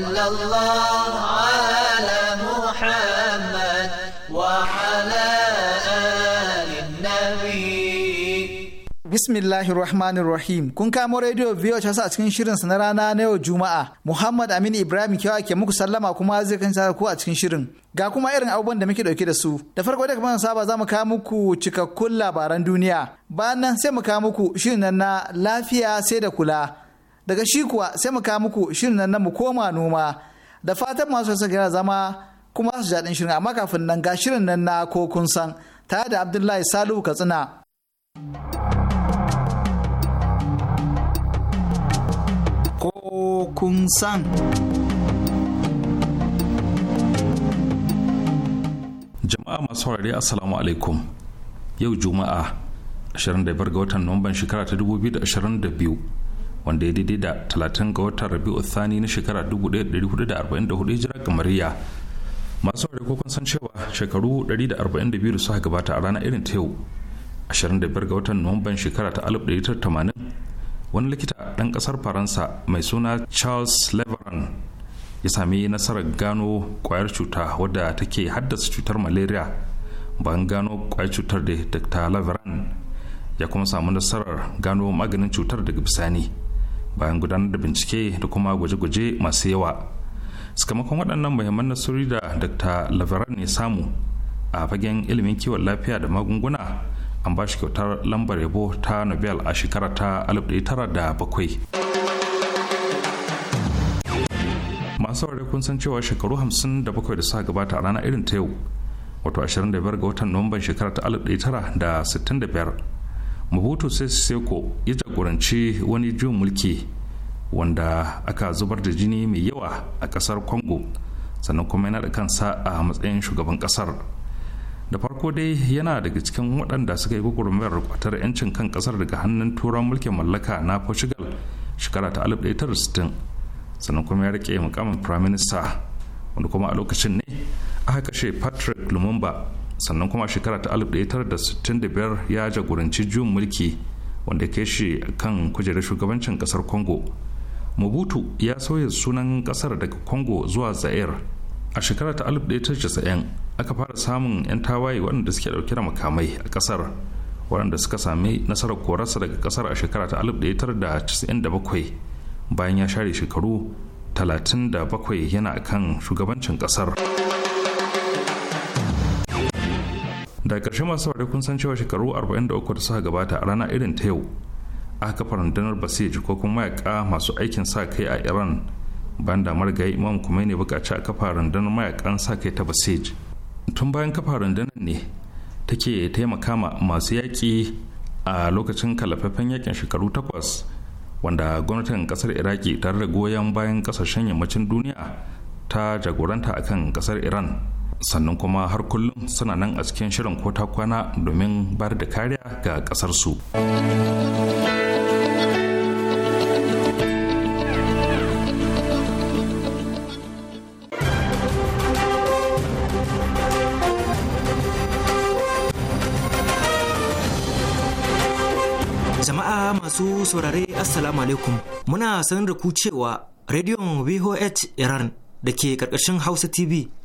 صلى الله على محمد وعلى آل النبي Bismillahir rahmanir rahim. kun kamo rediyo biyo ta sa cikin shirin na rana na yau juma'a muhammad amin ibrahim kyawa ke muku sallama kuma zai kan ku a cikin shirin ga kuma irin abubuwan da muke dauke da su da farko da kamar saba za mu kawo muku cikakkun labaran duniya bayan nan sai mu kawo muku shirin na lafiya sai da kula daga shi kuwa sai mu kawo muku shirin nan na mu koma noma da fatan masu wasa gina zama kuma su jaɗin shirin amma kafin nan ga shirin nan na ko kun san tare da abdullahi salihu katsina ko kun san jama'a masu saurari assalamu alaikum yau juma'a 25 ga watan nuwamban shekara ta 2022 wanda ya daidai da 30 ga watan rabi'u thani na shekara 1444 hijira kamariya masu saurari ko kun san cewa shekaru 142 da suka gabata a ranar irin ta yau 25 ga watan nuwamban shekara ta 1980 wani likita ɗan ƙasar faransa mai suna charles leveran ya sami nasarar gano kwayar cuta wadda take haddasa cutar malaria bayan gano kwayar cutar da dr leveran ya kuma samu nasarar gano maganin cutar daga bisani bayan gudanar da bincike da kuma guje guje masu yawa sakamakon waɗannan muhimman nasuri da dr laveran ne samu a fagen ilimin kiwon lafiya da magunguna an ba shi kyautar lambar yabo ta nobel a shekara ta 1907 masu saurare kun san cewa shekaru 57 da suka gabata a rana irin ta yau wato 25 ga watan nomban shekara ta 1965 mabutu seko ya jagoranci wani juyin mulki wanda aka zubar da jini mai yawa a kasar congo sannan kuma yana da kansa a matsayin shugaban kasar da farko dai yana daga cikin waɗanda suka yi gwagwarmayar kwatar 'yancin kan kasar daga hannun turan mulkin mallaka na portugal shekara ta 1960 sannan kuma ya rike mukamin firaminista minister wanda kuma a lokacin ne aka kashe patrick lumumba sannan kuma shekara ta 1965 ya jagoranci juyin mulki wanda ya shi kan kujerar shugabancin kasar congo mobutu ya sauya sunan kasar daga congo zuwa zaire a shekara ta 1990 aka fara samun 'yan tawaye waɗanda suke ɗauke da makamai a ƙasar waɗanda suka sami nasarar korarsa daga ƙasar a shekara ta 1997 bayan ya share shekaru 37 yana kan shugabancin ƙasar. da ƙarshe masu saurari kun san cewa shekaru 43 da suka gabata a rana irin ta yau aka kafa rundunar basij ko kuma mayaka masu aikin sa kai a iran bayan da marigayi imam ne bukaci a kafa rundunar mayakan sa kai ta basij tun bayan kafa rundunar ne take taimaka ma masu yaƙi a lokacin kalafaffen yakin shekaru takwas wanda gwamnatin kasar iraki tare da goyon bayan kasashen yammacin duniya ta jagoranta akan kasar iran sannan kuma har kullum suna nan a cikin shirin ta kwana domin bar da kariya ga ƙasarsu. jama'a masu saurare assalamu alaikum muna sanar da ku cewa rediyon vhh iran da ke karkashin hausa tv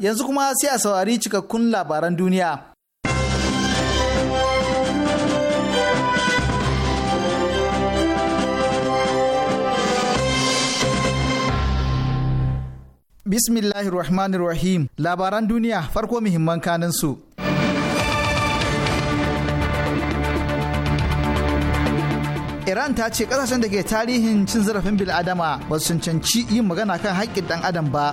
yanzu kuma sai a saurari cikakkun labaran duniya. Bismillahir Rahmanir Rahim labaran duniya farko muhimman kanin su. Iran ta ce kasashen da ke tarihin cin zarafin bil'adama ba su cancanci yin magana kan haƙƙin ɗan adam ba.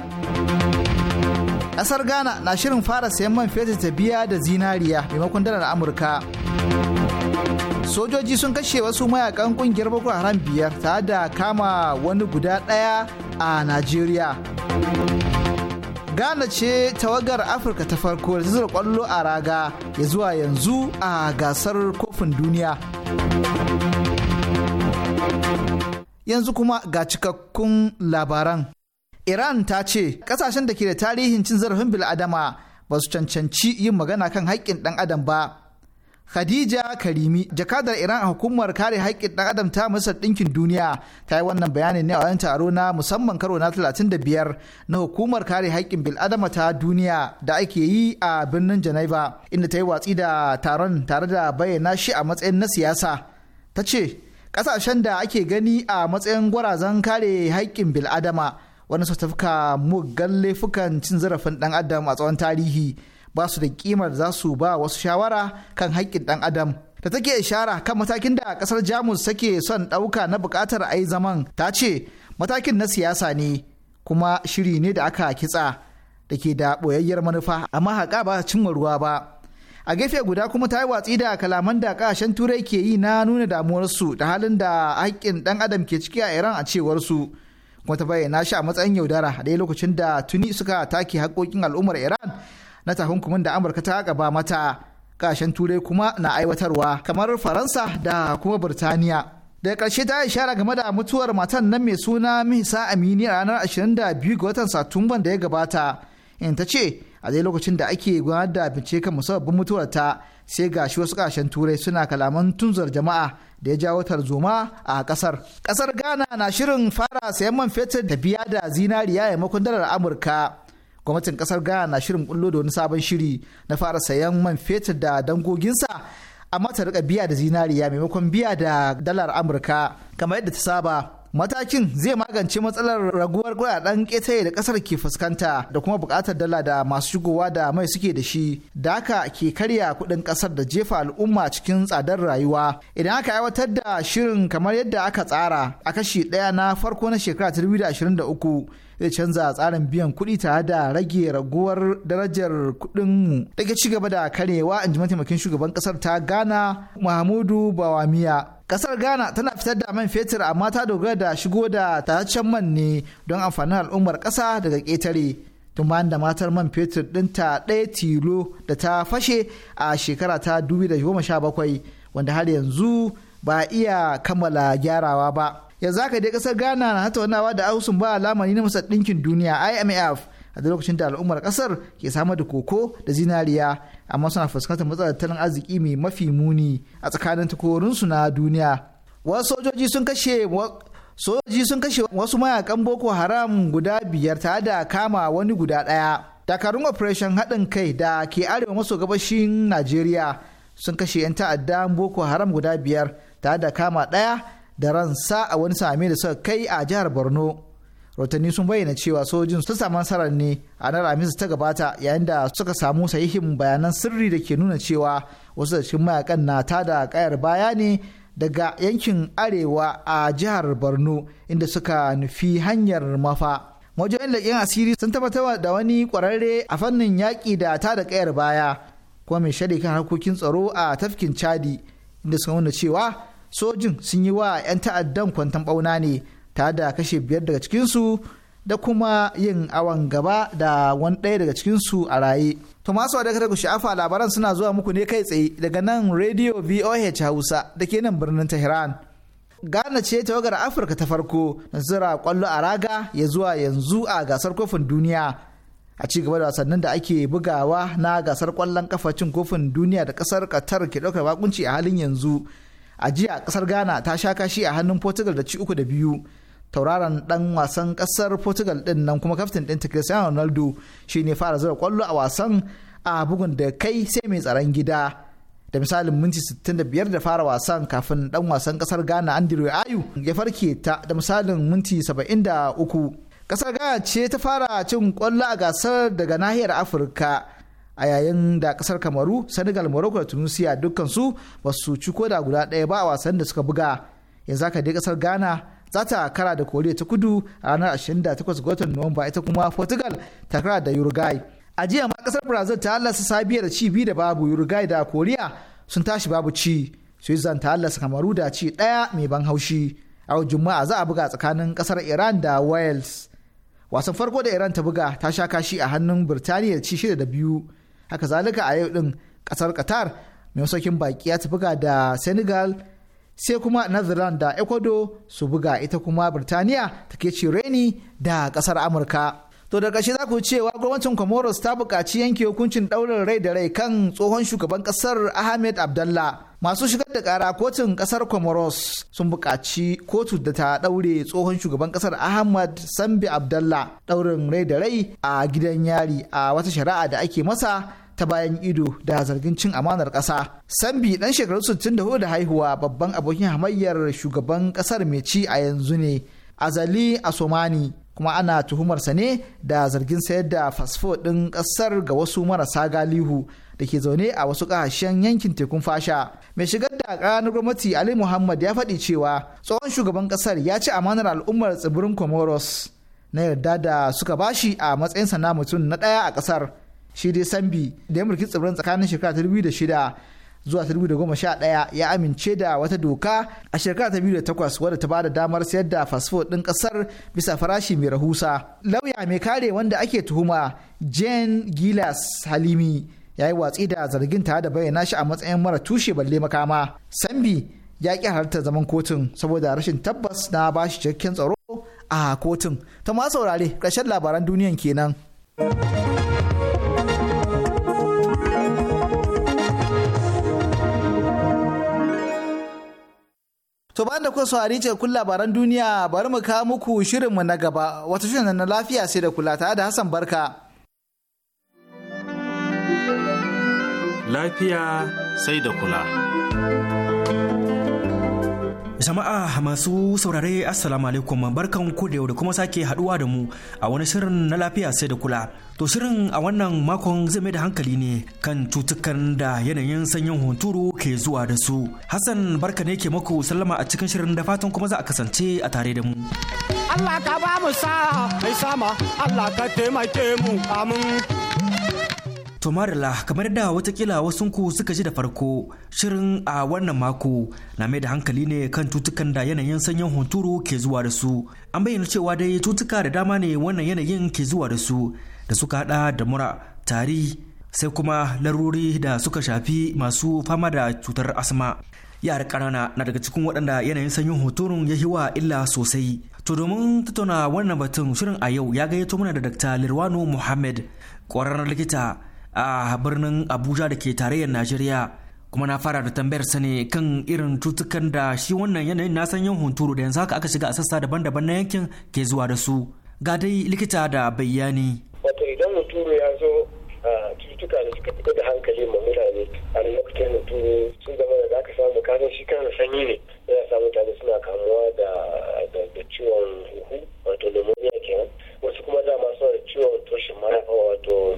kasar ghana na shirin fara sayan man fetur ta biya da zinariya maimakon dalar amurka sojoji sun kashe wasu mayakan kungiyar boko haram biyar tare da kama wani guda ɗaya a najeriya Ghana ce tawagar Afirka ta farko da ta zura kwallo a raga ya zuwa yanzu a gasar kofin duniya. Yanzu kuma ga cikakkun labaran. iran ta ce kasashen da ke da tarihin cin zarafin bil'adama ba su cancanci yin magana kan haƙƙin ɗan adam ba khadija karimi jakadar iran a hukumar kare haƙƙin ɗan adam ta masar ɗinkin duniya ta yi wannan bayanin ne a wani taro na musamman karo na 35 na hukumar kare haƙƙin bil'adama ta duniya da ake yi a birnin geneva inda ta yi watsi da taron tare da bayyana shi a matsayin na siyasa ta ce ƙasashen da ake gani a matsayin gwarazan kare haƙƙin bil'adama wani tafka muggan laifukan cin zarafin dan adam a tsawon tarihi ba su da kimar za su ba wasu shawara kan haƙƙin dan adam da take ishara kan matakin da ƙasar jamus take son ɗauka na buƙatar a yi zaman ta ce matakin na siyasa ne kuma shiri ne da aka kitsa da ke da ɓoyayyar manufa amma haƙa ba cimma ruwa ba a gefe guda kuma ta yi watsi da kalaman da ƙasashen turai ke yi na nuna damuwarsu da halin da haƙƙin ɗan adam ke ciki a iran a cewarsu su kuma ta bayyana shi a matsayin yaudara a ɗaya lokacin da tuni suka take haƙoƙin al'ummar iran na takunkumin da amurka ta gaba mata ƙashen turai kuma na aiwatarwa kamar faransa da kuma birtaniya da karshe ta ishara game da mutuwar matan nan mai suna misa amini a ranar 22 ga watan satumban da ya gabata in ta ce a dai lokacin da ake gudanar da bincike kan musabbabin mutuwar ta sai ga shi wasu kasashen turai suna kalaman tunzar jama'a da ya jawo tarzoma a kasar kasar ghana na shirin fara sayan man fetur da biya da zinariya maimakon dalar amurka gwamnatin kasar ghana na shirin kullo da wani sabon shiri na fara sayan man fetur da dangoginsa amma ta rika biya da zinariya maimakon biya da dalar amurka kamar yadda ta saba matakin zai magance matsalar raguwar kudaden ƙetare da ƙasar ke fuskanta da kuma buƙatar dala da masu shigowa da mai suke da shi da haka ke karya kuɗin ƙasar da jefa al'umma cikin tsadar rayuwa idan aka aiwatar da shirin kamar yadda aka tsara a kashi ɗaya na farko na shekara 2023 zai canza tsarin biyan kuɗi tare da rage raguwar darajar kuɗin mu ke ci gaba da karewa in ji mataimakin shugaban ƙasar ta ghana mahamudu bawamiya kasar ghana tana fitar da man fetur amma ta dogara da shigo da tataccen man ne don amfanin al'ummar ƙasa daga ƙetare tun bayan da matar man fetur ɗinta ɗaya tilo da ta fashe a shekara ta 2017 wanda har yanzu ba iya kammala gyarawa ba yanzu haka dai kasar ghana na tattaunawa da ausun ba lamari na masar ɗinkin duniya imf a lokacin da al'ummar kasar ke samar da koko da zinariya amma suna fuskantar matsalar arziki mai mafi muni a tsakanin takorinsu na duniya wasu sojoji sun kashe sojoji sun kashe wasu mayakan boko haram guda biyar tare da kama wani guda ɗaya dakarun operation haɗin kai da ke arewa maso gabashin najeriya sun kashe 'yan ta'adda boko haram guda biyar tare da kama ɗaya da ransa a wani same da suka kai a jihar borno rahotanni sun bayyana cewa sojin sun samu nasarar ne a na ramis ta gabata yayin da suka samu sahihin bayanan sirri da ke nuna cewa wasu da cikin mayakan na ta da kayar baya ne daga yankin arewa a jihar borno inda suka nufi hanyar mafa majiyoyin leƙen asiri sun tabbatar da wani ƙwararre a fannin yaƙi da ta da kayar baya kuma mai shaɗe kan harkokin tsaro a tafkin chadi inda suka nuna cewa sojin sun yi wa 'yan ta'addan kwantan ɓauna ne ta da kashe biyar daga cikinsu da kuma yin awon gaba da wani ɗaya daga cikinsu a raye. tomaso da ku sha'afa labaran suna zuwa muku ne kai tsaye daga nan Radio VOH Hausa da ke nan birnin Tehran. Ghana ce tawagar Afirka ta farko zira kwallo a raga ya zuwa yanzu a gasar kofin duniya. A ci gaba da wasannin da ake bugawa na gasar kwallon kafa cin kofin duniya da kasar Qatar ke ɗaukar bakunci a halin yanzu. A jiya kasar Ghana ta sha kashi a hannun Portugal da ci uku da biyu. tauraron dan wasan kasar portugal din nan kuma kaftin din ta cristiano ronaldo shi ne fara zura kwallo a wasan a bugun da kai sai mai tsaron gida da misalin minti 65 da fara wasan kafin dan wasan kasar ghana andrew ayu ya farke ta da misalin minti 73 kasar ghana ce ta fara cin kwallo a gasar daga nahiyar afirka a yayin da kasar kamaru senegal morocco da tunisia dukkansu ba su ci ko da guda ɗaya ba a wasan da suka buga yanzu haka dai kasar ghana za ta kara da koriya ta kudu a ranar 28 ga watan nuwamba ita kuma portugal ta kara da uruguay a jiya ma kasar brazil ta halasta sabiya da ci bi da babu uruguay da koriya sun tashi babu ci switzerland ta halasta kamaru da ci daya mai ban haushi a juma'a za a buga tsakanin kasar iran da wales wasan farko da iran ta buga ta sha kashi a hannun birtaniya ci shida da biyu haka zalika a yau din kasar qatar mai masaukin baki ya ta buga da senegal sai kuma Netherlands da Ecuador su buga ita kuma Birtaniya take ci reni da kasar Amurka. To da ƙarshe za ku cewa gwamnatin Comoros ta buƙaci yanke hukuncin ɗaurin rai da rai kan tsohon shugaban ƙasar Ahmed Abdallah. Masu shigar da ƙara kotun ƙasar Comoros sun buƙaci kotu da ta ɗaure tsohon shugaban ƙasar Ahmad Sambi Abdallah ɗaurin rai da rai a gidan yari a wata shari'a da ake masa ta bayan ido da zargin cin amanar ƙasa. Sambi ɗan shekaru 64 da haihuwa babban abokin hamayyar shugaban ƙasar mai ci a yanzu ne. Azali a Asomani kuma ana tuhumarsa ne da zargin sayar da fasfo ɗin ƙasar ga wasu marasa galihu da ke zaune a wasu ƙasashen yankin tekun fasha. Mai shigar da ƙananan gwamnati Ali Muhammad ya faɗi cewa tsohon shugaban ƙasar ya ci amanar al'ummar tsibirin Comoros na yarda da suka bashi a matsayin na mutum na ɗaya a ƙasar. shi dai sambi da ya mulki tsibirin tsakanin shekara ta da shida zuwa ta ɗaya ya amince da wata doka a shekara ta da takwas wadda ta bada damar sayar da fasfo ɗin ƙasar bisa farashi mai rahusa lauya mai kare wanda ake tuhuma jane gilas halimi ya yi watsi da zargin tare da bayyana shi a matsayin mara tushe balle makama sambi ya ƙi halarta zaman kotun saboda rashin tabbas na bashi cikakken tsaro a kotun ta ma saurare ƙarshen labaran duniyan kenan. To ba da a rijiyar kun labaran duniya bari mu kawo muku shirin mu na gaba wata shirin na lafiya sai da kula tare da Hassan Barka. Lafiya sai da kula. Jama'a masu saurare Assalamu alaikum barkan ku da yau da kuma sake haduwa da mu a wani shirin na lafiya sai da kula. To shirin a wannan makon zai mai da hankali ne kan cutukan da yanayin sanyin hunturu ke zuwa da su. Hassan barka ne ke maku sallama a cikin shirin da fatan kuma za a kasance a tare da mu. Allah ka ba mu sa mai sama Allah ka taimake mu amin. To kamar da watakila wasunku suka ji da farko, shirin a wannan mako na mai da hankali ne kan tutukan da yanayin sanyin hunturu ke zuwa da su. An bayyana cewa dai tutuka da dama ne wannan yanayin ke zuwa da su, da suka hada da mura, tari, sai kuma larurori da suka shafi masu fama da cutar asma. yar ƙanana na daga cikin waɗanda yanayin sanyin hunturun ya wa illa sosai. To domin tattauna wannan batun shirin a yau ya gayyato mana da Dr. Lirwano Muhammad, ƙwararren likita a birnin abuja da ke tarayyar najeriya kuma na fara da tambayar sa ne kan irin cutukan da shi wannan yanayin na san yin hunturu da yanzu haka aka shiga a sassa daban-daban na yankin ke zuwa da su ga dai likita da bayani wato idan hunturu ya zo cututtuka da suka fito da hankali ma mutane a lokacin hunturu sun zama da za ka samu kasan shi kan sanyi ne yana sa mutane suna kamuwa da ciwon huhu wato pneumonia kenan wasu kuma dama suna da ciwon toshin mara wato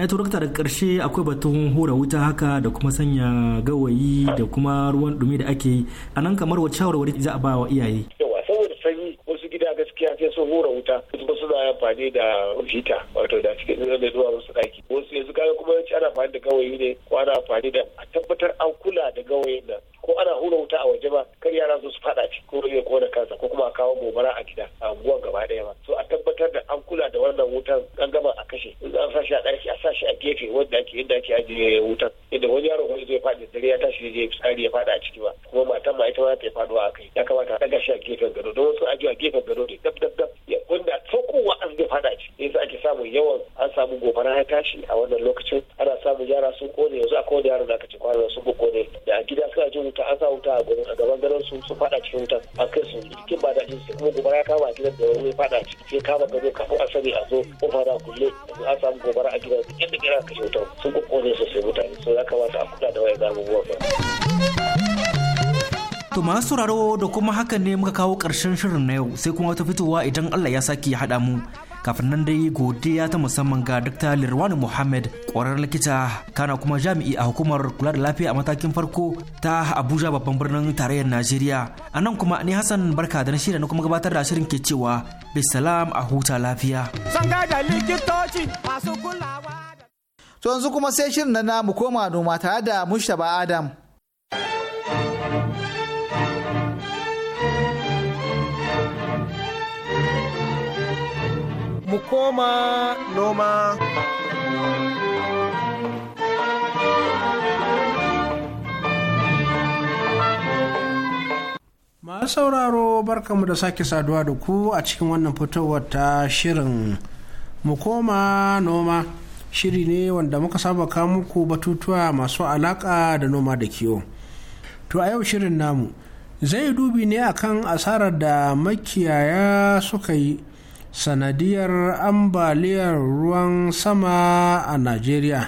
ya eh turukta daga karshe akwai batun hura wuta haka da kuma sanya gawayi da kuma ruwan dumi da ake yi a nan kamar wacce shawarwari za a ba wa iyaye samu gobara ya tashi a wannan lokacin ana samun yara sun kone yanzu a kowane yaro da aka ci kwanan sun bu kone da a gida suna jin wuta an sa wuta a gurin a gaban garin su su fada cikin wutan an kai su cikin ba daɗin su kuma gobara ya kama a gidan da wani fada ciki sai kama gado kafin a sani a zo kofa da kulle an samu gobara a gidan da yadda aka ci wutan sun kone sosai mutane so ya kamata a kula da wayan abubuwan ba. To masu sauraro da kuma hakan ne muka kawo ƙarshen shirin na yau sai kuma wata fitowa idan Allah ya sake haɗa mu. kafin nan dai godiya ta musamman ga Dr. Lirwani Muhammad ƙwarar likita kana kuma jami'i a hukumar kula da lafiya a matakin farko ta Abuja babban birnin tarayyar Najeriya. A nan kuma ni Hassan barka da shirya na kuma gabatar da shirin ke cewa bisalam a huta lafiya. Zan da likitoci masu kulawa. To yanzu kuma sai shirin na mu koma noma tare da Mushtaba Adam. mu koma noma. Masu sauraro barkamu da sake saduwa da ku a cikin wannan fitowar ta shirin mu koma noma. Shiri ne wanda muka saba kawo muku batutuwa masu alaka da noma da kiwo. To a yau shirin namu zai dubi ne akan asarar da makiyaya suka yi sanadiyar ambaliyar ruwan sama a najeriya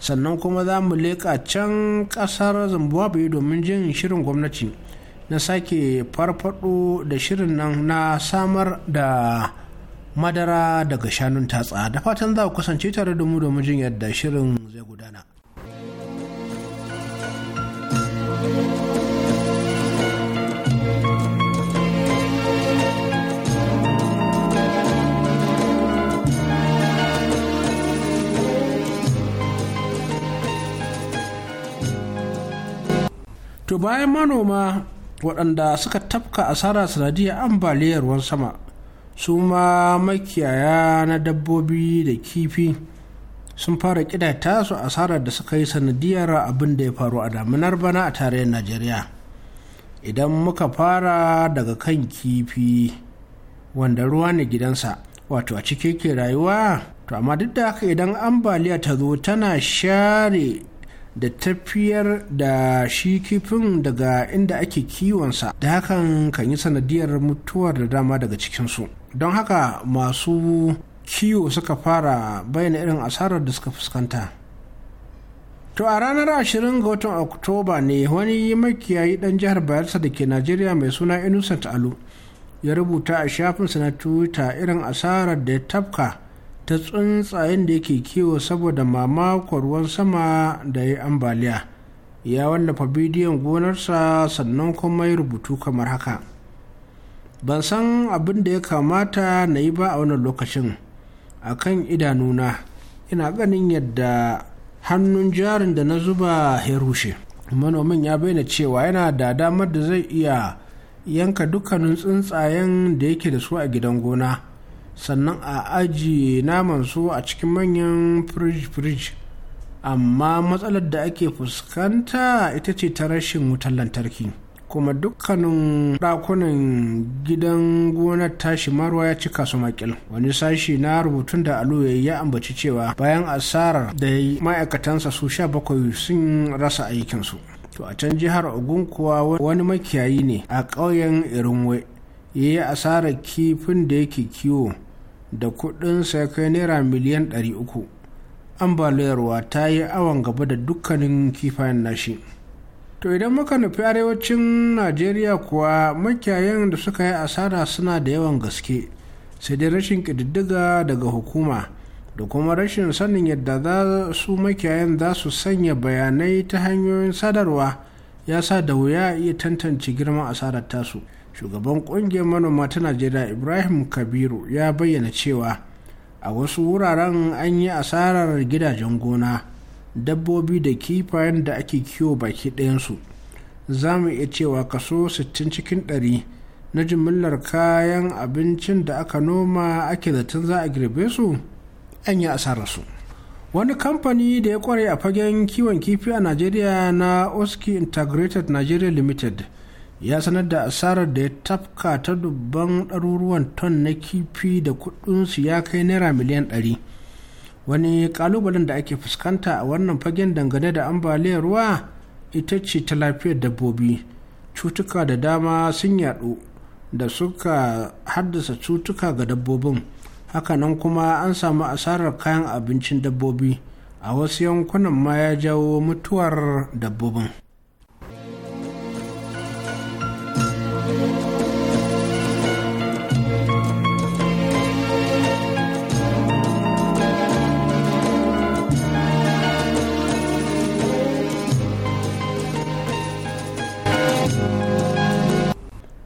sannan kuma za mu leƙa can ƙasar zimbabwe domin jin shirin gwamnati na sake farfaɗo da shirin nan na samar da madara daga shanun tatsa da fatan za ku kasance tare da mu domin jin yadda shirin zai gudana to bayan manoma waɗanda suka tafka asara sanadiyar ambaliyar ruwan sama su ma makiyaya na dabbobi da kifi sun fara kidata su asarar da suka yi sanadiyar abin da ya faru a daminar bana a tarayyar najeriya idan muka fara daga kan kifi wanda ruwa ne gidansa wato a cike ke rayuwa to amma duk da haka idan ambaliya ta zo tana share da tafiyar da shi kifin daga inda ake kiwonsa da hakan kan yi sanadiyar mutuwar da dama daga cikinsu don haka masu kiwo suka fara bayyana irin asarar da suka fuskanta to a ranar 20 ga watan oktoba ne wani makiyayi dan jihar bayelsa da ke najeriya mai suna innocent alu ya rubuta a shafinsa na twitter irin asarar da ya tafka ta tsuntsayen da yake kiwo saboda mamakon ruwan sama da ya ambaliya ya wallafa bidiyon gonarsa sannan kuma ya rubutu kamar haka ban san abin da ya kamata na yi ba a wannan lokacin a kan idanuna ina ganin yadda hannun jarin da na zuba ya rushe manomin ya bayyana cewa yana da damar da zai iya yanka dukkanin tsuntsayen da yake da su a gidan gona sannan a ajiye naman su a cikin manyan firij-firij amma matsalar da ake fuskanta ita ce ta rashin wutar lantarki kuma dukkanin ɗakunan gidan gonar tashi marwa ya cika su makil wani sashi na rubutun da alu ya ambaci cewa bayan asarar da ma'aikatansa su sha bakwai sun rasa aikinsu to a can jihar ogun kuwa wani makiyayi ne a ƙauyen irinwe ya yi asarar kifin da yake kiwo da kuɗin ya kai naira miliyan 300 ambaliyarwa ta yi awon gaba da dukkanin kifayen nashi to idan muka nufi arewacin najeriya kuwa makiyayen da suka yi asara suna da yawan gaske sai dai rashin ƙididdiga daga hukuma da kuma rashin sanin yadda za su makiyayen za su sanya bayanai ta hanyoyin sadarwa ya sa da wuya iya tantance girman asarar tasu. shugaban kungiyar manoma ta najeriya ibrahim kabiru ya bayyana cewa a wasu wuraren an yi asarar gidajen gona dabbobi da kifayen da ake kiwo baki ɗayansu za mu iya cewa kaso 60 cikin 100 na jimillar kayan abincin da aka noma ake zaton za a girbe su an yi asararsu wani kamfani da ya kware a fagen kiwon kifi a najeriya na oski integrated nigeria limited ya sanar da asarar da ya tafka ta dubban ɗaruruwan ton na kifi da kudinsu ya kai naira miliyan ɗari wani ƙalubalen da ake fuskanta a wannan fagen dangane da ambaliyar ruwa ita ce ta lafiyar dabbobi cutuka da dama sun yaɗu da suka haddasa cutuka ga dabbobin hakanan kuma an samu asarar kayan abincin dabbobi a wasu yankunan ma ya jawo mutuwar dabbobin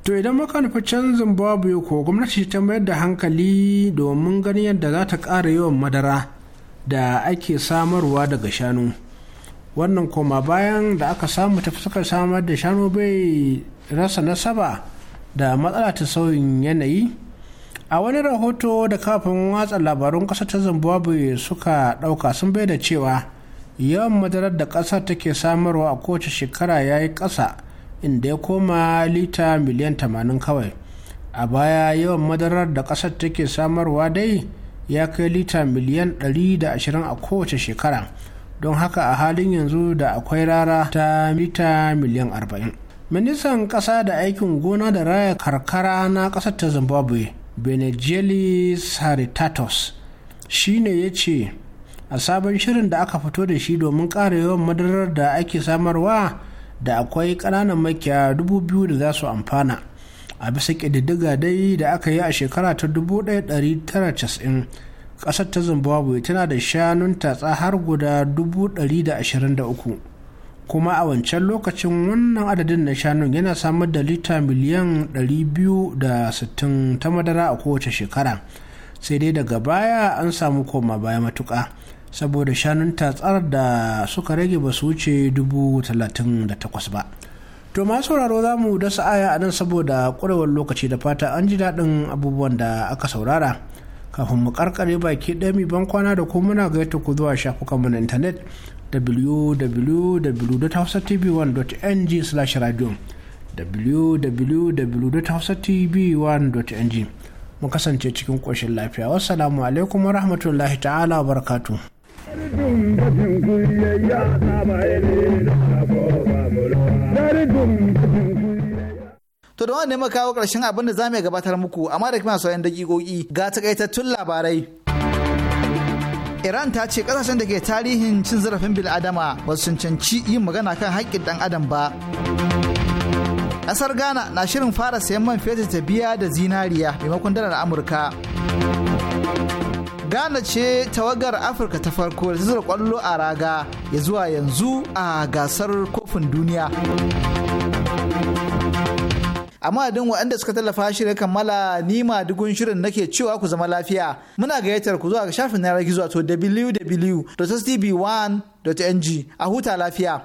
to idan muka nufi can zimbabwe ko gwamnati ta mayar da hankali domin ganin yadda za ta ƙara yawan madara da ake samarwa daga shanu wannan koma bayan da aka samu ta fuskar samar da shanu bai rasa nasaba da matsala ta sauyin yanayi a wani rahoto da kafin watsa labarun ƙasa ta zimbabwe suka ɗauka sun bai da cewa yawan madarar da ƙasar take samarwa a kowace shekara ya yi ƙasa inda ya koma lita miliyan tamanin kawai a baya yawan madarar da ƙasar take samarwa dai ya kai lita miliyan 120 a kowace shekara don haka a halin yanzu da akwai rara ta lita miliyan 40 ministan ƙasa da aikin gona da raya karkara na ƙasar ta zimbabwe Benegeli saritatos shi ne ya ce a sabon shirin da aka fito da shi domin ƙara yawan madarar da ake samarwa da akwai kananan makiya dubu biyu da za su amfana a bisa ƙididdiga dai da aka yi a shekara ta 1990 ƙasar ta zimbabwe tana da shanun tatsa har guda 123 kuma a wancan lokacin wannan adadin na shanun yana samar da lita miliyan 260 ta madara a kowace shekara sai dai daga baya an samu koma baya matuƙa saboda shanun tatsar da suka rage ba su wuce dubu talatin da takwas ba to ma sauraro za mu dasa aya a nan saboda ƙwarewar lokaci da fata an ji daɗin abubuwan da aka saurara kafin mu karkare baki ɗaya mi ban kwana da kuma muna gaita ku zuwa shafukan mu na intanet www.hausatv1.ng slash radio www.hausatv1.ng mu kasance cikin ƙoshin lafiya wassalamu alaikum wa rahmatullahi ta'ala wa barakatuh Er to da wani ne ma kawo ƙarshen abin da za mu gabatar muku amma da kuma sauran daƙiƙoƙi ga takaitattun labarai. Iran ta ce kasashen da ke tarihin cin zarafin bil'adama ba su cancanci yin magana kan haƙƙin ɗan adam ba. Ƙasar Ghana na shirin fara sayan man fetur ta biya da zinariya maimakon dalar Amurka. Ghana ce tawagar Afirka ta farko da zura kwallo a raga ya zuwa yanzu a gasar kofin duniya. amma din waɗanda suka tallafa shirin kammala nima dugun shirin nake cewa ku zama lafiya muna gayyatar ku zuwa ga shafin yanar gizo to www.stb1.ng a huta lafiya.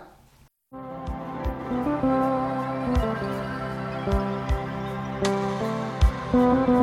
thank you